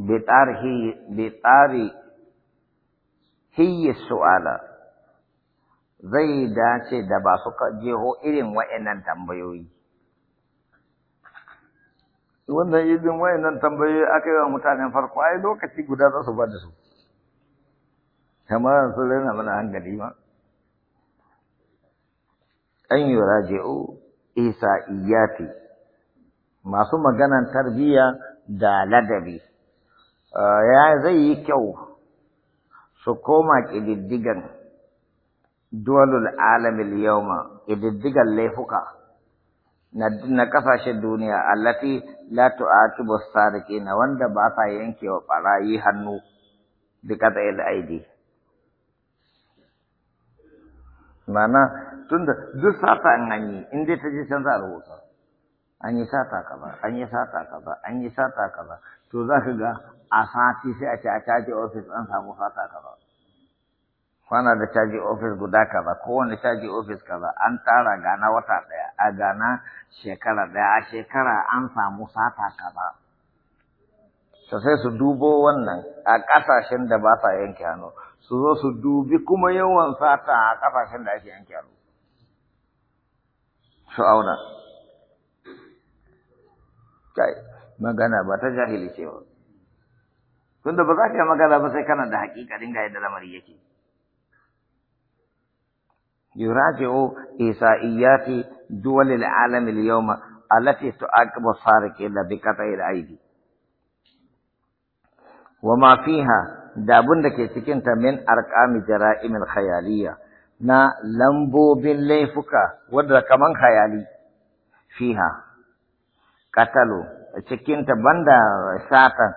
بطار هي السؤال zai dace da ba su jeho irin wa'annan tambayoyi. Wannan irin wa'annan tambayoyi aka yi wa mutanen farko ai lokaci guda za su ba da su. Kamar su rena mana hankali ma. An yi raji'u iyati masu maganan tarbiyya da ladabi. Eh, ya zai yi kyau su koma ƙididdigan duwalul alamil yauma ƙididdigan laifuka na ƙasashen duniya allafi la tu'aqibu na wanda ba sa yankewa ɓarayi hannu bi qat'il aidi mana da duk sata an hanyi in ta ji canza za a rubuta an yi sata kaza an yi sata kaza an yi sata kaza to za ka ga a sati sai a ce a caji ofis an samu fata kaza kwana da caji ofis guda kaza kowane caji ofis kaza an tara gana wata daya a gana shekara daya a shekara an samu sata kaza to sai su dubo wannan a kasashen da ba sa yanke hannu su zo su dubi kuma yawan sata a kasashen da ake yanke hannu su auna magana ba ta jahili ce ba tunda ba za yi magana ba sai kana da haƙiƙarin ga yadda lamari yake yuraji'u isaiyati duwal alalam al-yawma allati tu'aqibu sariqina bi bikata ila aidi wa ma fiha da da ke cikin ta min arqami jara'im al-khayaliyya na lambobin laifuka wadda kaman khayali fiha qatalu cikinta banda satan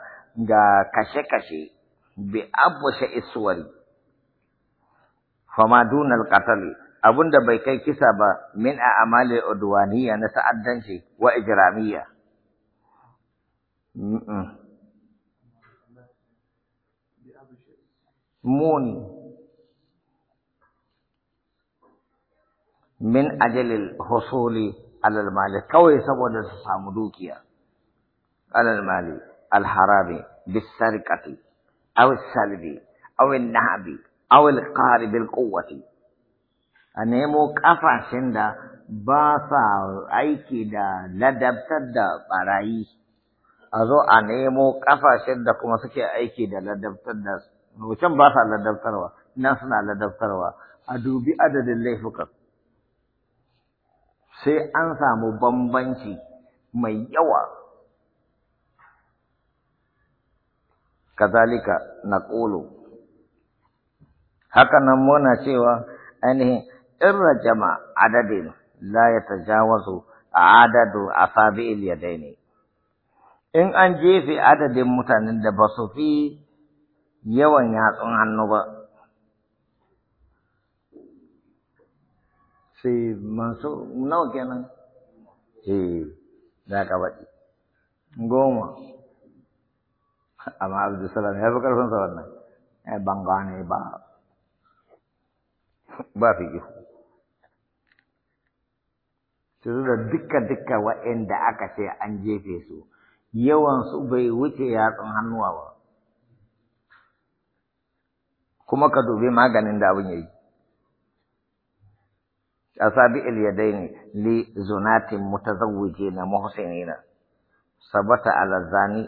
ga kashe-kashe bi abushe iswari fama dunal qatali abunda bai kai kisa ba min a amali udwaniya na sa'addanci wa ijramiya muni min ajalil husuli alal mali kawai saboda su samu dukiya على المال الحرام بالسرقة أو السلب أو النهب أو القهر بالقوة a nemo ƙafashen da ba sa aiki da ladabtar da ɓarayi, a zo a nemo ƙafashen da kuma suke aiki da ladabtar da can ba sa ladabtarwa, nan suna ladabtarwa, a dubi adadin laifukan. Sai an samu bambanci mai yawa. kazalika naqulu haka nan muna cewa ainihin irra jama adadin la yatajawazu adadu asabi'il yadaini in an jefe adadin mutanen da ba su fi yawan yatsun hannu ba sai masu nawa kenan eh za ka goma amma abdulsalam ya fi ƙarfinsa wannan ban gane ba ba fi ihu su da dukka-dukka waɗanda aka ce an jefe su yawansu bai wuce yatsun hannuwa ba kuma ka dubi maganin da abin yayi asabi al-yadaini li zunatin mutazawwijina muhsinina sabata ala zani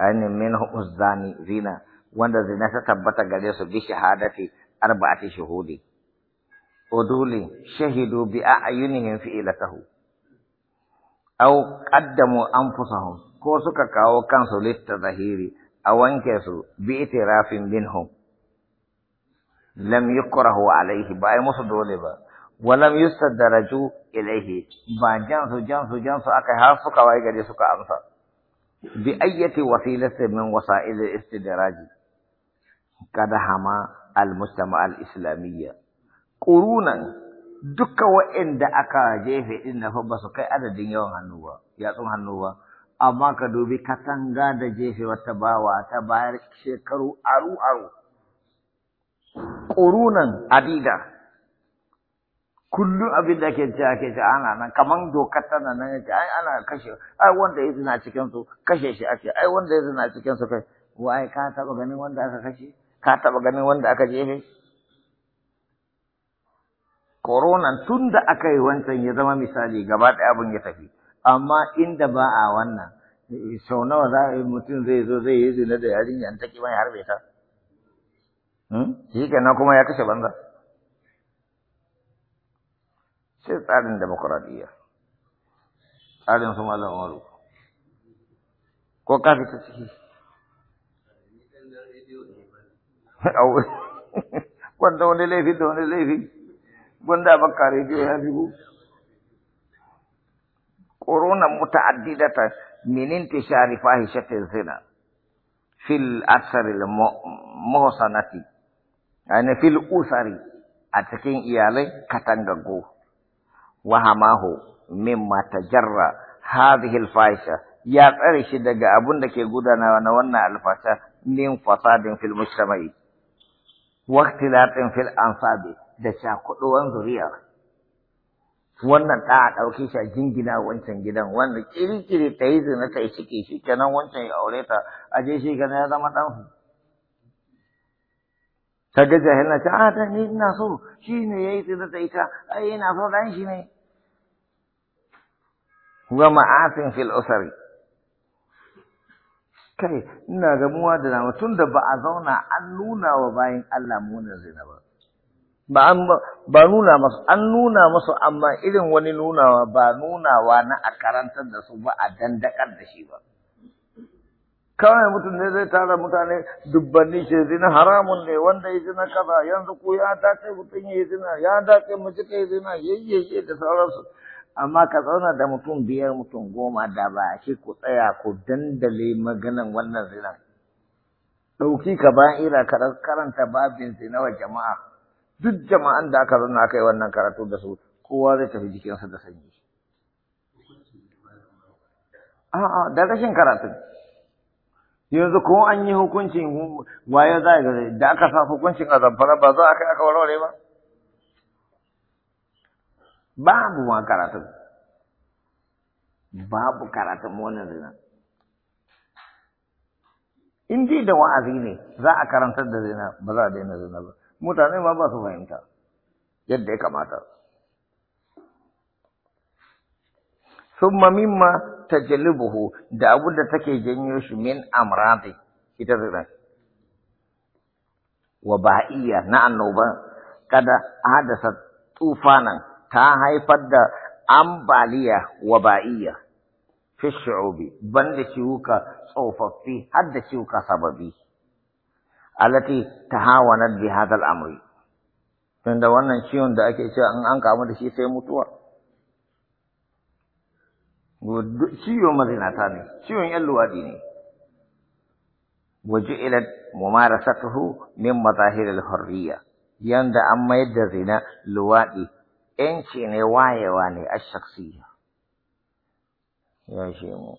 أن منه أزاني زنا وأن زنا ستبت قليس بشهادة أربعة شهود أدولي شهدوا بأعينهم فئلته أو قدموا أنفسهم كوسك كاو كانسو للتظهير أو أنكسوا بإتراف منهم لم يكره عليه باي مصدولي با ولم يستدرجوا إليه با جانسو جانسو جانسو أكي هارسو كواي قليسو كأنصر bi ayyati wasilati min wasa'il al-istidraj kadahama al-mujtama' al-islamiyya qurunan duka wa'inda aka jefe din na fa basu kai adadin yawan hannu ba ya tsun hannu ba amma ka dubi katanga da jefe wata bawa ta bayar shekaru aru aru qurunan adida kullum abin da ake ce ake ce ana nan kaman dokar tana nan ya ce ai ana kashe ai wanda ya zina cikin su kashe shi ake ai wanda ya zina cikin su kai wai ka taba ganin wanda aka kashe ka taba ganin wanda aka jefe Koronan tun da aka yi wancan ya zama misali gaba ɗaya abin ya tafi amma inda ba a wannan sau nawa za a yi mutum zai zo zai yi zina da yarinya ta taki bai harbe ta hmm? shi kenan kuma ya kashe banza tsarin demokuraɗiyya tsarin su mazan umaru ko ka fita ciki wanda wani laifi da wani laifi gwanda baka rediyo ya fi ku korona ta min Sharifa fahishatin zina fil asari a yani fil usari a cikin iyalai katangago. وهماه مما تجرى هذه الفاحشة يا ترشي دغا ابون دكي غدانا وانا وانا wannan من فساد في المجتمع واختلاط في الانصاب da shakuduwan zuriya wannan ta a ɗauke shi a jingina wancan gidan wanda kirikiri ta yi zina ta yi ciki shi kenan wancan ya aure ta aje shi kenan ya zama ɗansu kaga jahil na ce a ta ah, ni ina so shi ne yi tsira ta ita ai ina so dan shi ne wa ma'asin fil usari kai ina gamuwa da nama tun da ba a zauna an nuna wa bayan Allah munin zina ba ba an ba nuna masu an nuna masu amma irin wani nunawa ba nunawa na a karantar da su ba a dandakar da shi ba kawai mutum ne zai tara mutane dubbanni ce zina haramun ne wanda ya zina kaza yanzu ku ya dace mutum ya zina ya dace mace ka zina yayyayye da sauransu amma ka zauna da mutum biyar mutum goma da ba shi ku tsaya ku dandale maganan wannan zina ɗauki ka bayan ira karanta babin zina wa jama'a duk jama'an da aka zauna aka yi wannan karatu da su kowa zai tafi jikinsa da sanyi a'a da rashin karatun yanzu ko an yi hukuncin waye za a gare da aka sa hukuncin a zamfara ba za a kai aka warware ba babu ma karatun babu karatun wannan zina in ji da wa'azi ne za a karantar da zina ba za a daina zina ba mutane ma ba su fahimta yadda ya kamata summa mimma tajlibuhu da abin da take janyo shi min amradi ita zina wa ba'iya na annoba kada hadasa tufanan ta haifar da ambaliya wa ba'iya fi shu'ubi banda ciwuka tsofaffi har da ciwuka sababi alati ta tahawanat bi hadal amri tunda wannan ciwon da ake cewa in an kamu da shi sai mutuwa ciwon mazinata ne ciwon yan luwaɗi ne waje ilan mumarasatuhu min mazahiril hurriya yanda an mayar da zina luwaɗi yanci ne wayewa ne a shaksiya ya mu